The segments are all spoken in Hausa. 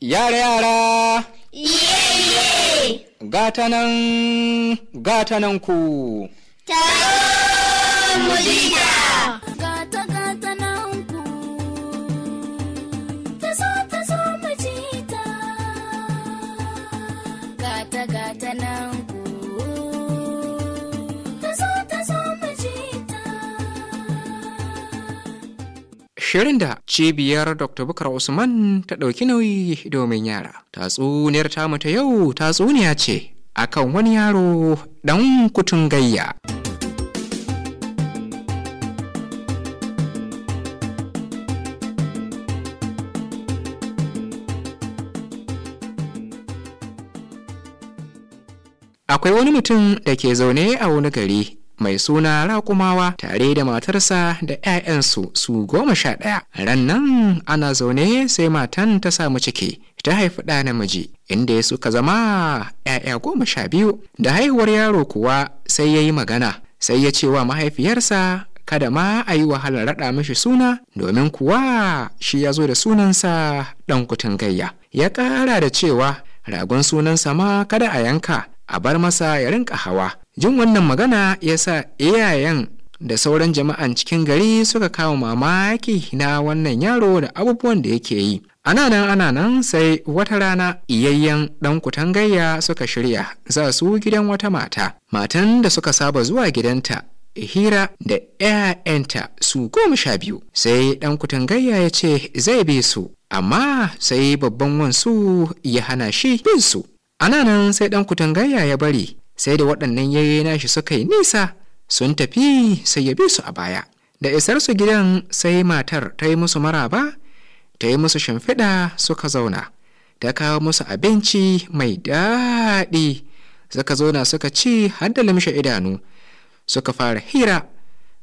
Yara yara! Iye Gata nan, gata nan ku! Taro mujita! Shirin da cibiyar Dr. Bukar Usman ta ɗauki nauyi domin yara. Tatsuniyar tamu ta yau tatsuniya ce akan wani yaro ɗan kutun gayya. akwai wani mutum da ke zaune a wani gari mai suna raƙumawa tare da matarsa da 'ya'yansu su goma sha ɗaya ran nan ana zaune sai matan ta samu ciki ta haifi ɗa namiji inda ya suka zama 'ya'ya goma sha biyu da haihuwar yaro kuwa sai ya yi magana sai ya ce wa mahaifiyarsa kada ma a yi wahalar raɗa mishi suna domin kuwa shi ya zo da sunansa ɗan kutun gayya ya ƙara da cewa ragon sunansa ma kada a yanka a bar masa ya rinka hawa jin wannan magana ya sa iyayen da sauran jama'an cikin gari suka kawo mamaki na wannan yaro da abubuwan da yake yi ana nan ana nan sai wata rana iyayen ɗan kutangayya suka shirya za su gidan wata mata matan da suka saba zuwa gidanta hira da 'ya'yanta su goma sha biyu sai ɗan kutangayya ya ce zai bi su amma sai babban wansu ya hana shi bin su ana nan sai ɗan kutangayya ya bari sai da waɗannan na shi suka yi nisa sun tafi sai ya bi su a baya da isar su gidan sai matar ta yi musu maraba ta yi musu shimfiɗa suka zauna ta kawo musu abinci mai daɗi suka zauna suka ci har da idanu suka fara hira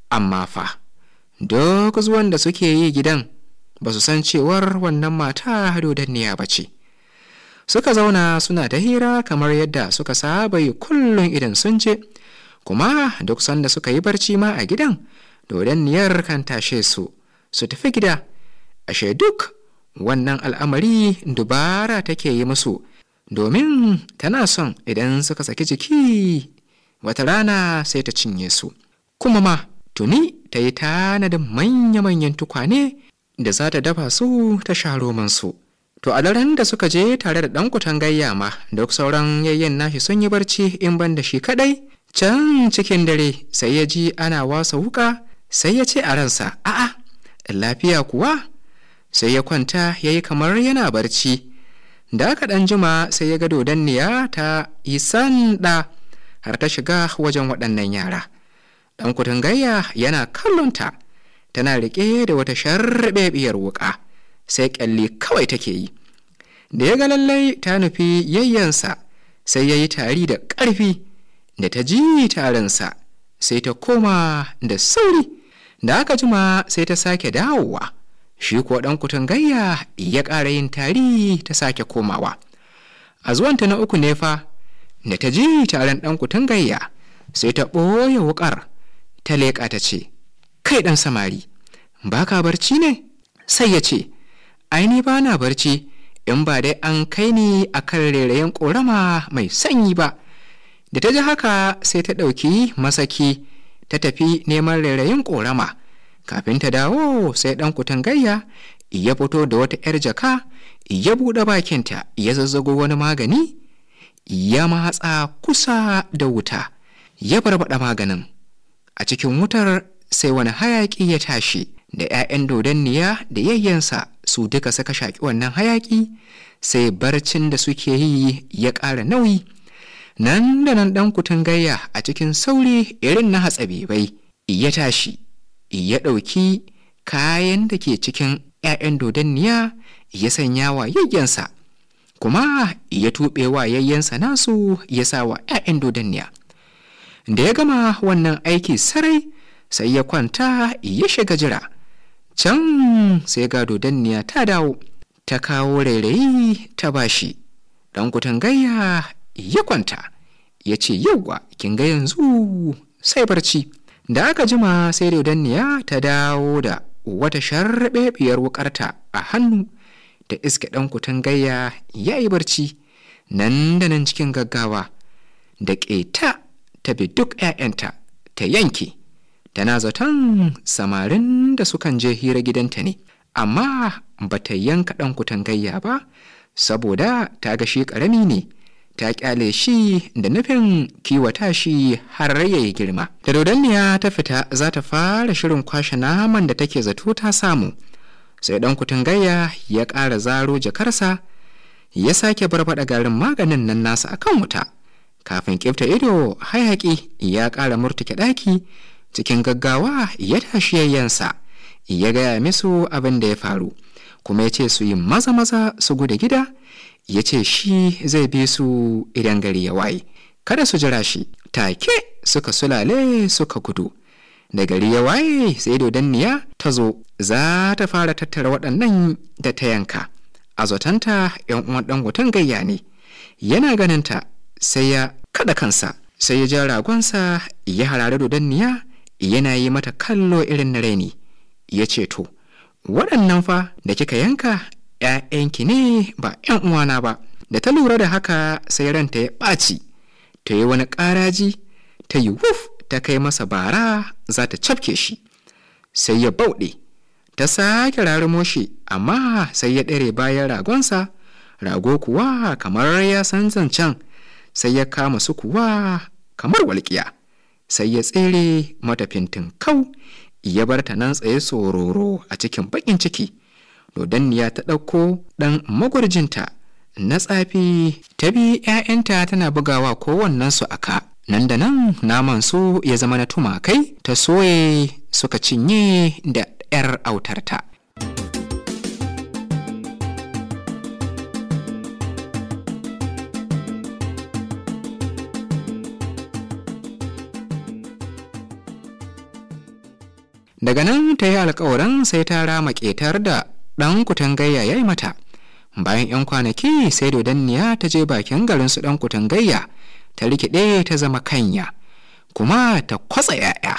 amma fa duk zuwan da suke yi gidan ba su san cewar wannan mata dodanniya ba ce suka zauna suna ta hira kamar yadda suka saba yi kullum idan sun je kuma duk sanda suka yi barci ma a gidan dodanniyar kan tashe su su tafi gida ashe duk wannan al'amari dubara take yi musu domin tana son idan suka saki jiki wata rana sai ta cinye su kuma ma tuni ta yi tanadin manya-manyan tukwane da za ta dafa su ta sha romansu to a daren da suka je tare da ɗan kutangayya ma duk sauran yayyen nashi sun yi barci in ban da shi kaɗai can cikin dare sai ya ji ana wasa wuka sai ya ce a ransa a'a lafiya kuwa sai ya kwanta ya yi kamar yana barci da aka ɗan jima sai ya ga dodanniya ta yi sanda har ta shiga wajen waɗannan yara ɗan kutangayya yana kallonta tana riƙe da wata sharbebiyar wuƙa sai kyalle kawai take yi da ya ga lallai ta nufi yayyansa sai ya yi tari da ƙarfi da ta ji tarinsa sai ta koma da sauri da aka jima sai ta sake dawowa shi kuwa ɗan kutun gayya ya ƙara yin tari ta sake komawa a zuwanta na uku ne fa da ta ji taron ɗan kutun gayya sai ta ɓoye wuƙar ta leƙa ta ce kai ɗan samari ba ka barci ne sai ya ce aini ba na barci in ba dai an kai ni a kan rairayen ƙorama mai sanyi ba da ta ji haka sai ta ɗauki masaki ta tafi neman rairayin ƙorama kafin ta dawo sai ɗan kutan gayya ya fito da wata 'yar jaka ya buɗe bakinta ya zazzago wani magani ya matsa kusa da wuta ya barbaɗa maganin a cikin wutar sai wani hayaƙi ya tashi da 'ya'yan dodanniya da yayyansa su duka suka shaƙi wannan hayaƙi sai barcin da suke yi ya ƙara nauyi nan da nan ɗan kutun gayya a cikin sauri irin na hatsabibai ya tashi ya ɗauki kayan da ke cikin 'ya'yan dodanniya ya sanya wa yayyansa kuma ya tuɓe wa yayyansa nasu ya sa wa 'ya'yan dodanniya da ya gama wannan aiki sarai sai ya kwanta ya shiga jira can sai ga dodanniya ta dawo ta kawo rairayi ta bashi ɗan gaya, ya kwanta ya ce yauwa kin ga yanzu sai barci da aka jima sai dodanniya ta dawo da wata sharɓeɓiyar wukarta a hannu da iske ɗan gaya ya yi barci nan da nan cikin gaggawa da ƙeta ta bi duk 'ya'yanta ta yanke tana zaton samarin da sukan je hira gidanta ne amma ba ta yanka ɗan kutangayya ba saboda ta ga shi ƙarami ne ta ƙyale shi da nufin kiwata shi har ya yi girma da dodanniya ta fita za ta fara shirin kwashe naman da take zato ta samu sai ɗan kutangayya ya ƙara zaro jakarsa ya sake barbaɗa garin maganin nan nasa akan wuta kafin ƙifta ido hayaƙi ya ƙara murtuke ɗaki cikin gaggawa ya tashi yayyansa ya gaya musu abin da ya faru kuma ya ce su yi maza-maza su gudu gida ya ce shi zai bi su idan gari ya waye kada su jira shi take suka sulale suka gudu da gari ya waye sai dodanniya ta zo za ta fara tattara waɗannan da ta yanka a zotanta ‘yan uwan ɗan watan gayya ne yana ganinta sai ya kaɗa kansa sai ya ja ragonsa ya harare dodanniya yana yi mata kallo irin na raini ya ce to waɗannan fa da kika yanka ‘ya'yanki ne ba ‘yan uwana ba da ta lura da haka sai ranta ya ɓaci ta yi wani ƙaraji ta yi wuf ta kai masa bara za ta cafke shi sai ya bauɗe ta sake rarumo shi amma sai ya ɗare bayan ragonsa rago kuwa kamar ya san zancen sai ya kama su kuwa kamar walƙiya. sai ya tsere mata fintin kau ya bar ta nan tsaye sororo a cikin bakin ciki dodanniya ta ɗauko ɗan magwarjinta na tsafi ta bi 'ya'yanta tana bugawa kowannensu a ka nan da nan naman su ya zama na tumakai ta soye suka cinye da 'yar autarta daga nan ta yi alkawarin sai ta rama ƙetar da ɗan kutangayya ya yi mata bayan 'yan kwanaki sai dodanniya ta je bakin garin su ɗan kutangayya ta rikide ta zama kanya kuma ta kwatsa 'ya'ya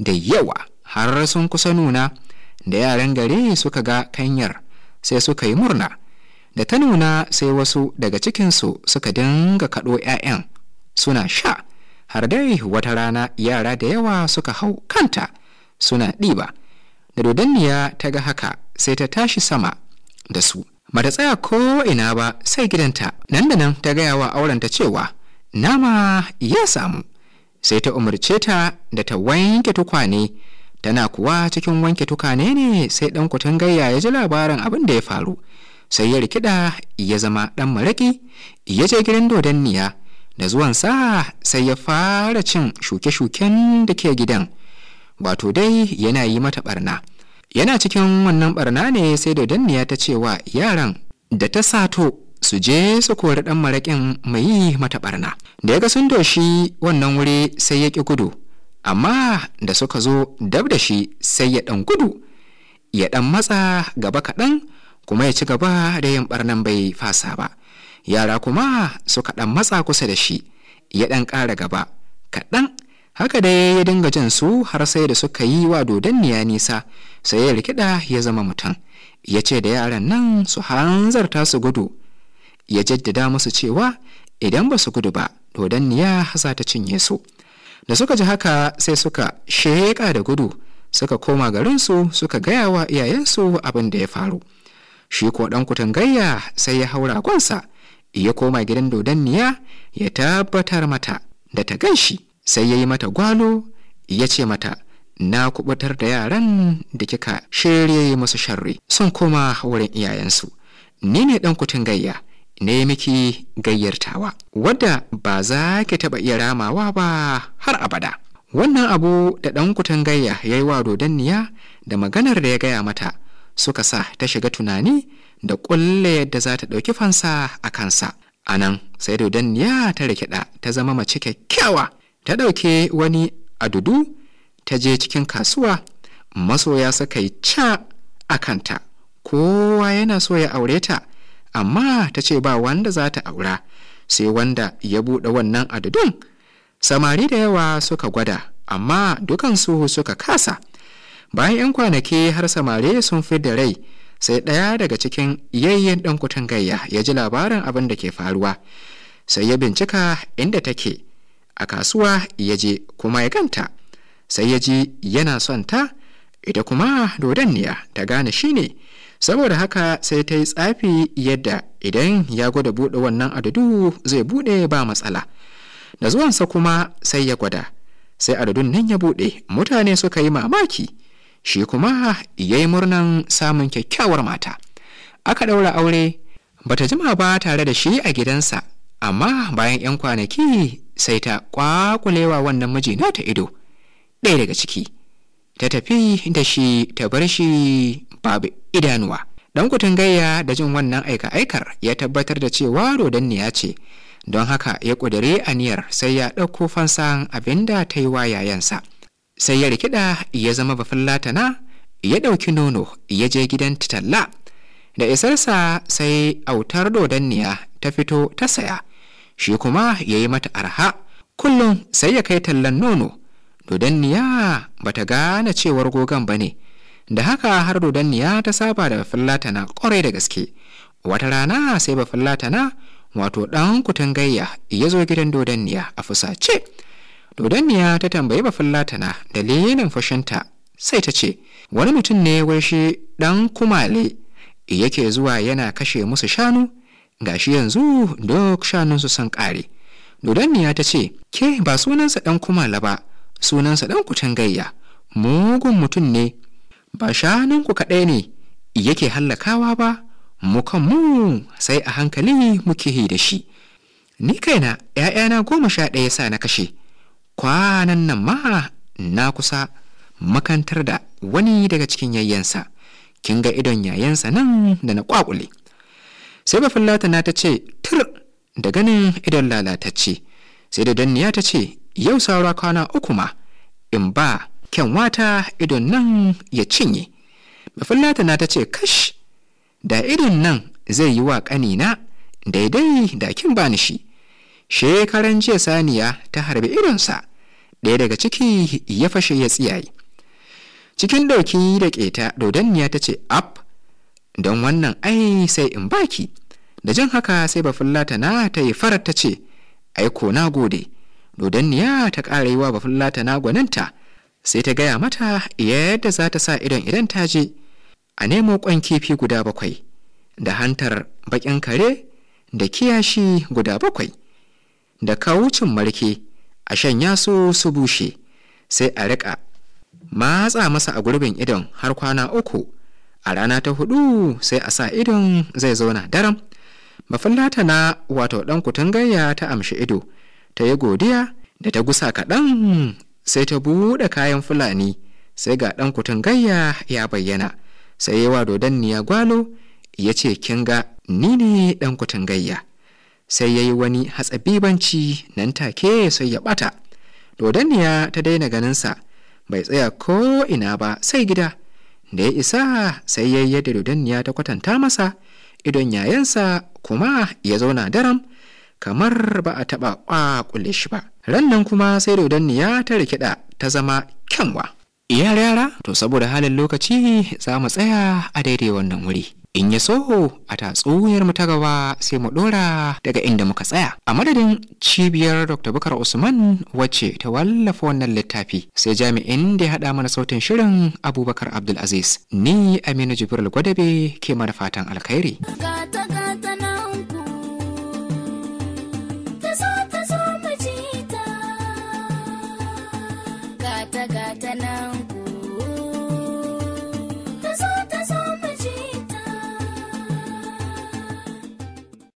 da yawa har sun kusa nuna da yaran gari suka ga kanyar sai suka yi murna da ta nuna sai wasu daga cikinsu suka dinga kaɗo 'ya'yan suna sha har dai wata rana yara da yawa suka hau kanta suna ɗiba da dodanniya ta ga haka sai ta tashi sama da su Ba ta tsaya ko ina ba sai gidanta nan da nan ta gaya wa aurenta cewa nama ya samu sai ta umarce ta da ta wanke tukwane tana kuwa cikin wanke tukwane ne sai ɗan gayya ya ji labarin abin da ya faru sai ya rikida ya zama ɗan maraƙi ya je gidan dodanniya da zuwansa sai ya fara cin shuke-shuken da ke gidan wato dai yana yi mata barna yana cikin wannan barna ne sai da danniya ta ce wa yaran da ta sato su je su kori ɗan maraƙin mai yi mata barna da ya ga sun doshi wannan wuri sai ya ƙi gudu amma da suka zo dab da shi sai ya ɗan gudu ya ɗan matsa gaba kaɗan kuma ya ci gaba da yin ɓarnan bai fasa ba yara kuma suka ɗan matsa kusa da shi ya ɗan ƙara gaba kaɗan haka dai ya dinga jin su har sai da suka yi wa dodanniya nisa sai ya rikida ya zama mutum ya ce da yaran nan su hanzarta su gudu ya jaddada musu cewa idan ba su gudu ba dodanniya za ta cinye su da suka ji haka sai suka sheƙa da gudu suka koma garinsu suka gaya wa iyayensu abin da ya faru shi ko ɗan gayya sai ya haura gonsa ya koma gidan dodanniya ya tabbatar mata da ta gan shi sai ya yi mata gwalo ya ce mata na kubutar da yaran da kika shirye masu sharri sun koma wurin iyayensu ni ne ɗan kutun gayya ne miki gayyartawa wadda ba za ki taɓa iya ramawa ba har abada wannan abu da ɗan kutun gayya ya yi wa dodanniya da maganar da ya gaya mata suka sa ta shiga tunani da ƙulla yadda za ta ɗauki fansa a kansa anan nan sai dodanniya ta rikida ta zama mace kyakkyawa ta ɗauke wani adudu ta je cikin kasuwa masoya suka yi ca a kanta kowa yana so ya aure ta amma ta ce ba wanda za ta aura sai wanda ya buɗe wannan adudun. samari da yawa suka gwada amma dukansu suka kasa bayan 'yan kwanaki har samari sun fi da rai sai ɗaya daga cikin yayyen ɗan kutun gayya ya ji labarin abin da ke faruwa sai ya bincika inda take a kasuwa ya je kuma ya ganta sai ya ji yana son ta ita kuma dodanniya ta gane shi ne saboda haka sai ta yi tsafi yadda idan ya gwada buɗe wannan adadu zai buɗe ba matsala da zuwansa kuma sai ya gwada sai adadun nan ya buɗe mutane suka yi mamaki shi kuma ya yi murnan samun kyakkyawar mata aka ɗaura aure bata jima ba tare da shi a gidansa amma bayan 'yan kwanaki sai ta kwakulewa wannan mijina ta ido ɗaya daga ciki ta tafi da shi ta bar shi babu idanuwa dan kutun gayya da jin wannan aika-aikar ya tabbatar da cewa rodanniya ce don haka ya ƙudure aniyar sai ya ɗauko fansan abin da ta yi wa yayansa sai ya rikida ya zama bafin latana ya ɗauki nono ya je gidan talla da isarsa sai autar dodanniya ta fito ta saya shi kuma ya yi mata arha kullum sai ya kai tallan nono dodanniya ba ta gane cewar gogon ba ne da haka har dodanniya ta saba da bafillatana kwarai da gaske wata rana sai bafillatana wato ɗan kutun gayya ya zo gidan dodanniya a fusace dodanniya ta tambayi bafillatana dalilin fashinta sai ta ce wani mutum ne wai shi ɗan kumale yake zuwa yana kashe musu shanu Ga shi yanzu duk shanunsu sun ƙare ya ta ce ke ba sunansa ɗan kumala ba sunansa ɗan gayya. mugun mutum ne ba shanunku kaɗai ne yake hallakawa ba mu kan mu sai a hankali muke hi da shi ni kaina ‘ya'yana goma sha ɗaya sa na kashe kwanan nan ma na kusa makantar da wani daga cikin yayyansa kin ga idon yayansa nan da na ƙwaƙule sai na ta ce tir da ganin idon lalatacce sai da danniya ta ce yau saura kwana uku ma in ba kyanwata idon nan ya cinye na ta ce kash da idon nan zai yi wa ƙanina daidai da kin bani shi shekaran jiya saniya ta harbi sa ɗaya daga ciki ya fashe ya tsiyaye cikin ɗauki da keta dodanniya ta ce app. don wannan ai sai in baki da jan haka sai bafullata na ta yi farar ta ce aiko na gode niya ta ƙara yi wa bafullata na gwaninta sai ta gaya mata yadda za ta sa idon idan ta je a nemo ƙwan kifi guda bakwai da hantar baƙin kare da kiyashi guda bakwai da kawucin marke a shanya su su bushe sai a riƙa matsa masa a gurbin idon har kwana uku a rana ta hudu sai a sa idon zai zauna daram Mafallata na wato ɗan kutungayya ta amshi ido ta yi godiya da ta gusa kaɗan sai ta buɗe kayan fulani sai ga ɗan kutungayya ya bayyana sai yawa dodanniya gwalo ya ce kin ga ni ne ɗan gayya sai ya yi wani hatsabibanci nan take sai ya ɓata dodanniya ta daina ganinsa bai tsaya ko ina ba sai gida da ya isa sai ya yi ya ta kwatanta masa idon yayansa kuma ya zauna daram kamar ba a taɓa ƙwaƙule shi ba rannan kuma sai dodanniya ta rikida ta zama kyanwa iyar yara to saboda halin lokaci za mu tsaya a daidai wannan wuri in ya so a tatsuniyar mu ta gaba sai mu dora daga inda muka tsaya a madadin cibiyar dr bukar usman wacce ta wallafa wannan littafi sai jami'in da ya haɗa mana sautin shirin abubakar abdulaziz ni aminu jibril gwadabe ke mana fatan alkhairi